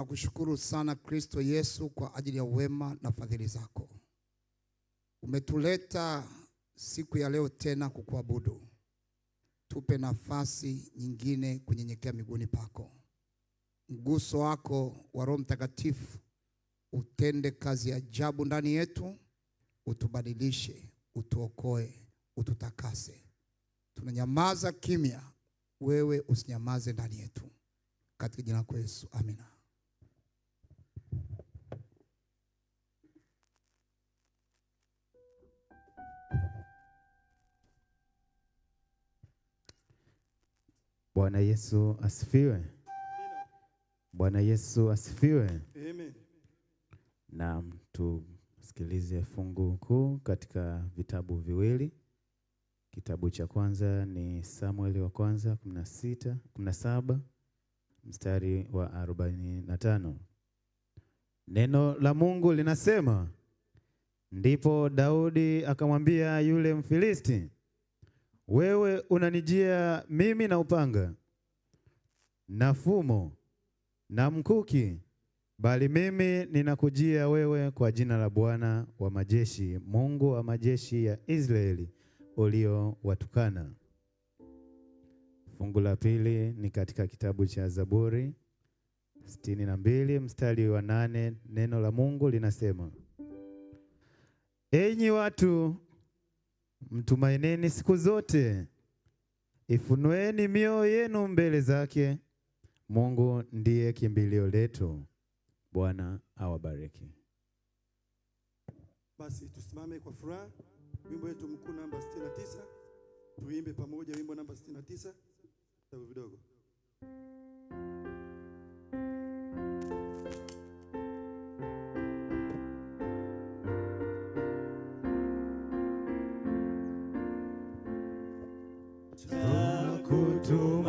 Nakushukuru sana Kristo Yesu kwa ajili ya wema na fadhili zako. Umetuleta siku ya leo tena kukuabudu. Tupe nafasi nyingine kunyenyekea miguuni pako. Mguso wako wa Roho Mtakatifu utende kazi ya ajabu ndani yetu, utubadilishe, utuokoe, ututakase. Tunanyamaza kimya, wewe usinyamaze ndani yetu. Katika jina lako Yesu, amina. Bwana Yesu asifiwe. Bwana Yesu asifiwe. Amen. Naam, tusikilize fungu kuu katika vitabu viwili. Kitabu cha kwanza ni Samueli wa kwanza 16, 17 mstari wa 45. Neno la Mungu linasema, ndipo Daudi akamwambia yule Mfilisti wewe unanijia mimi na upanga na fumo na mkuki, bali mimi ninakujia wewe kwa jina la Bwana wa majeshi, Mungu wa majeshi ya Israeli uliowatukana. Fungu la pili ni katika kitabu cha Zaburi sitini na mbili mstari wa nane. Neno la Mungu linasema, enyi watu Mtumaineni siku zote, ifunueni mioyo yenu mbele zake. Mungu ndiye kimbilio letu. Bwana awabariki. Basi tusimame kwa furaha, wimbo wetu mkuu namba 69 tuimbe pamoja, wimbo namba 69 vidogo. do